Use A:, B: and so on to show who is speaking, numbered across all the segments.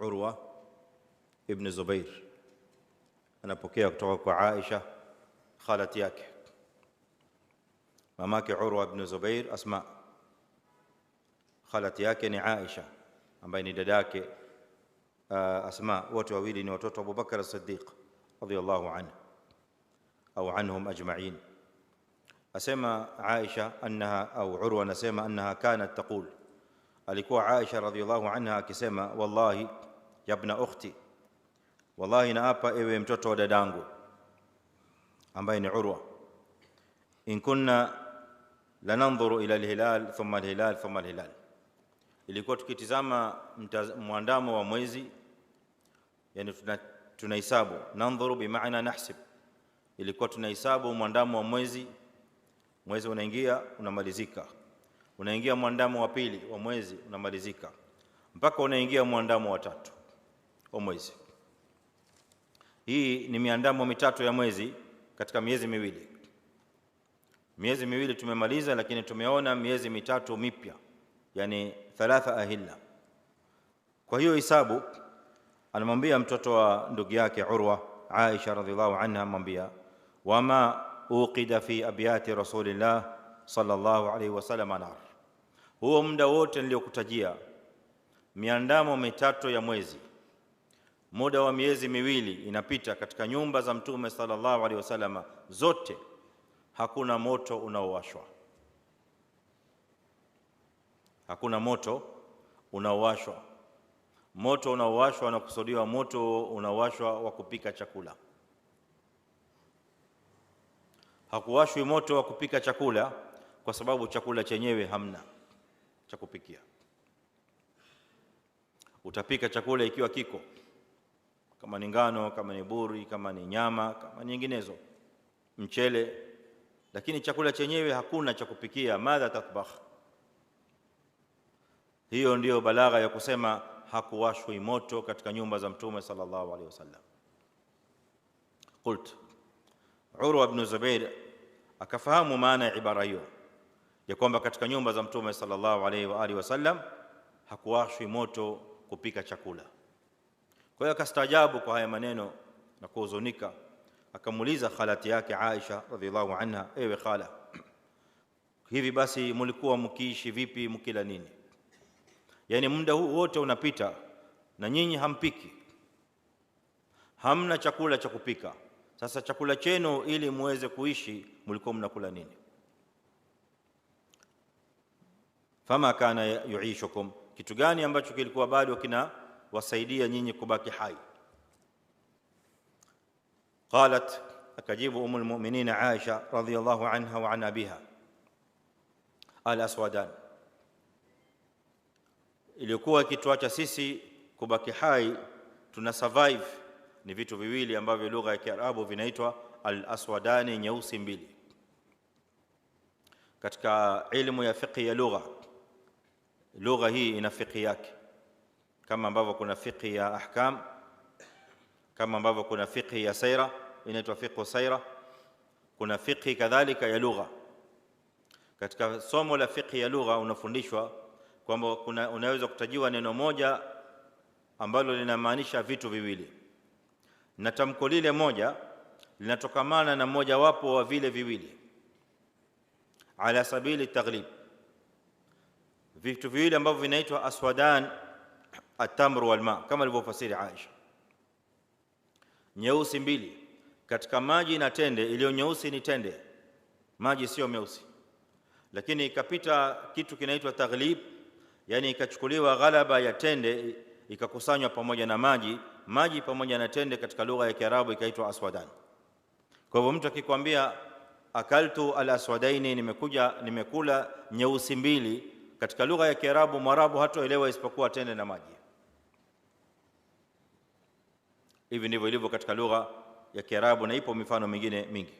A: عروة ابن زبير أنا بكيه أكتوك عائشة خالتيك ماماك عروة ابن زبير أسماء خالتيك يعني عائشة أما بيني دداك آه، أسماء وتواويلني وتوت أبو بكر الصديق رضي الله عنه أو عنهم أجمعين أسمى عائشة أنها أو عروة نسمى أنها كانت تقول ألكو عائشة رضي الله عنها كسمى والله yabna ukhti, wallahi naapa ewe mtoto wa dadangu ambaye ni Urwa, in kunna lanandhuru ila alhilal thumma alhilal thumma alhilal, ilikuwa tukitizama mwandamo wa mwezi, yani tunahisabu. Nandhuru bimaana nahsib, ilikuwa tunahisabu mwandamo wa mwezi. Mwezi unaingia unamalizika, unaingia mwandamo wa pili wa mwezi unamalizika, mpaka unaingia mwandamo wa tatu wa mwezi. Hii ni miandamo mitatu ya mwezi katika miezi miwili. Miezi miwili tumemaliza, lakini tumeona miezi mitatu mipya, yani thalatha ahilla. Kwa hiyo hisabu, anamwambia mtoto wa ndugu yake Urwa, Aisha radhiallahu anha, amwambia wama uqida fi abyati rasulillah sallallahu alayhi wasallam nar, huo muda wote niliokutajia miandamo mitatu ya mwezi muda wa miezi miwili inapita katika nyumba za Mtume sallallahu alaihi wasallama zote, hakuna moto unaowashwa, hakuna moto unaowashwa. Moto unaowashwa unakusudiwa moto unaowashwa wa kupika chakula. Hakuwashwi moto wa kupika chakula kwa sababu chakula chenyewe hamna cha kupikia. Utapika chakula ikiwa kiko kama ni ngano, kama ni buri, kama ni nyama, kama nyinginezo, mchele, lakini chakula chenyewe hakuna cha kupikia. Madha tatbakh? Hiyo ndiyo balagha ya kusema hakuwashwi moto katika nyumba za Mtume sallallahu alaihi wasallam. Qult Urwa ibn Zubair akafahamu maana ya ibara hiyo ya kwamba katika nyumba za Mtume sallallahu alaihi wa alihi wasallam hakuwashwi moto kupika chakula. Kwa hiyo akastaajabu kwa haya maneno na kuhuzunika, akamuuliza khalati yake Aisha radhiallahu anha, ewe khala, hivi basi mlikuwa mkiishi vipi, mkila nini? Yaani muda huu wote unapita na nyinyi hampiki, hamna chakula cha kupika. Sasa chakula chenu ili muweze kuishi, mlikuwa mnakula nini? Fama kana yuishukum, kitu gani ambacho kilikuwa bado kina wasaidia nyinyi kubaki hai qalat akajibu umul mu'minin Aisha radhiyallahu anha wa an abiha al-aswadan ilikuwa kituacha sisi kubaki hai tuna survive ni vitu viwili ambavyo lugha ya Kiarabu vinaitwa al-aswadani nyeusi mbili katika ilmu ya fiqhi ya lugha lugha hii ina fiqhi yake kama ambavyo kuna fiqhi ya ahkam, kama ambavyo kuna fiqhi ya saira inaitwa fiqhu saira, kuna fiqhi kadhalika ya lugha. Katika somo la fiqhi ya lugha unafundishwa kwamba kuna unaweza kutajiwa neno moja ambalo linamaanisha vitu viwili, na tamko lile moja linatokamana na mmojawapo wa vile viwili, ala sabili taghlib, vitu viwili ambavyo vinaitwa aswadan atamru walma, kama alivyofasiri Aisha. Nyeusi mbili katika maji na tende, iliyo nyeusi ni tende, maji sio meusi. Lakini ikapita kitu kinaitwa taghlib, yani ikachukuliwa ghalaba ya tende ikakusanywa pamoja na maji, maji pamoja na tende, katika lugha ya Kiarabu ikaitwa aswadan. Kwa hivyo mtu akikwambia akaltu alaswadaini, nimekuja nimekula nyeusi mbili, katika lugha ya Kiarabu Mwarabu hatoelewa isipokuwa tende na maji. Hivi ndivyo ilivyo katika lugha ya Kiarabu na ipo mifano mingine mingi.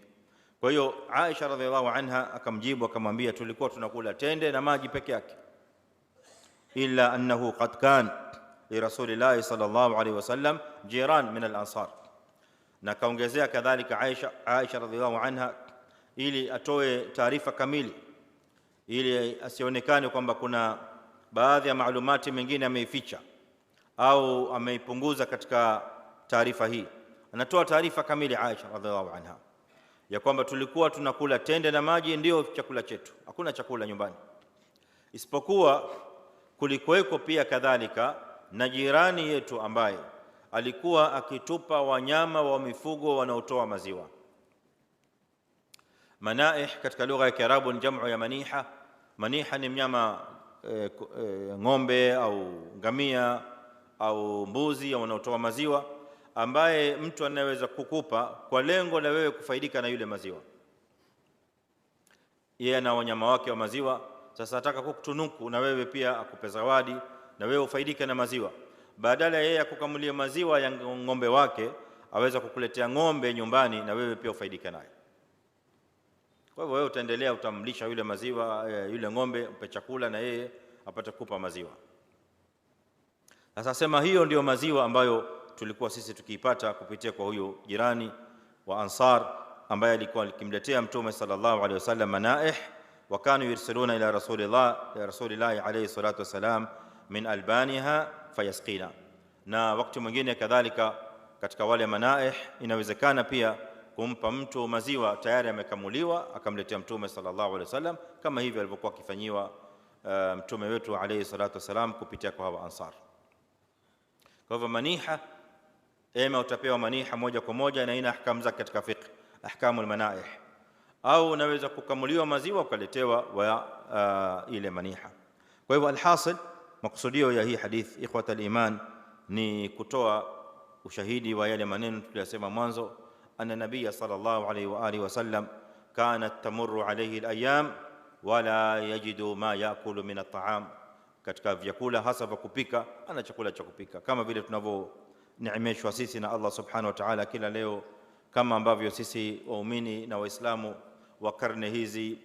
A: Kwa hiyo Aisha radhiallahu anha akamjibu akamwambia, tulikuwa tunakula tende na maji peke yake, illa annahu qad kan li rasulillahi sallallahu alaihi wasallam jiran min al-ansar. Na kaongezea kadhalika Aisha, Aisha radhiallahu anha ili atoe taarifa kamili, ili asionekane kwamba kuna baadhi ya maalumati mengine ameificha au ameipunguza katika taarifa hii, anatoa taarifa kamili Aisha radhiallahu anha ya kwamba tulikuwa tunakula tende na maji, ndio chakula chetu, hakuna chakula nyumbani, isipokuwa kulikuweko pia kadhalika na jirani yetu ambaye alikuwa akitupa wanyama wa mifugo wanaotoa maziwa. Manaih katika lugha ya Kiarabu ni jamu ya maniha. Maniha ni mnyama e, e, ng'ombe au ngamia au mbuzi wanaotoa maziwa ambaye mtu anaweza kukupa kwa lengo la wewe kufaidika na yule maziwa. Yeye ana wanyama wake wa maziwa, sasa ataka kukutunuku na wewe pia akupe zawadi na wewe ufaidike na maziwa. Badala ya yeye akukamulia maziwa ya ng'ombe wake, aweza kukuletea ng'ombe nyumbani na wewe pia ufaidike naye. Kwa hivyo wewe utaendelea, utamlisha yule maziwa, e, yule ng'ombe, mpe chakula na yeye apate kukupa maziwa. Sasa sema hiyo ndiyo maziwa ambayo tulikuwa sisi tukiipata kupitia kwa huyu jirani wa Ansar ambaye alikuwa akimletea Mtume sallallahu alaihi wasallam manaih wa kanu yursiluna ila rasulillah ila rasulillah alayhi salatu wasalam min albaniha fayasqina. Na wakati mwingine kadhalika katika wale manaih inawezekana pia kumpa mtu maziwa tayari amekamuliwa akamletea Mtume sallallahu alaihi wasallam kama hivyo alivyokuwa akifanyiwa uh, Mtume wetu alayhi salatu wasalam kupitia kwa hawa Ansar. Kwa hivyo maniha ima utapewa maniha moja kwa moja na ina ahkamu zake katika fiqh ahkamu manaih au unaweza kukamuliwa maziwa ukaletewa wa uh, ile maniha kwa hivyo alhasil maksudio ya hii hadith ikhwat aliman ni kutoa ushahidi wa yale maneno tuliyosema mwanzo anna nabiy sallallahu alayhi wa alihi wasallam kanat tamurru alayhi alayam wala yajidu ma yakulu min at'am katika vyakula hasa vya kupika ana chakula cha kupika kama vile tunavyo tumeneemeshwa sisi na Allah subhanahu wa ta'ala kila leo, kama ambavyo sisi waumini na Waislamu wa karne hizi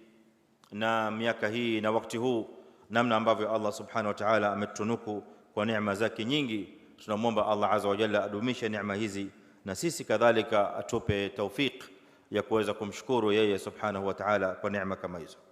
A: na miaka hii na wakati huu, namna ambavyo Allah subhanahu wa ta'ala ametutunuku kwa neema zake nyingi. Tunamwomba Allah azza wa jalla adumishe neema hizi na sisi kadhalika atupe taufiq ya kuweza kumshukuru yeye subhanahu wa ta'ala kwa neema kama hizo.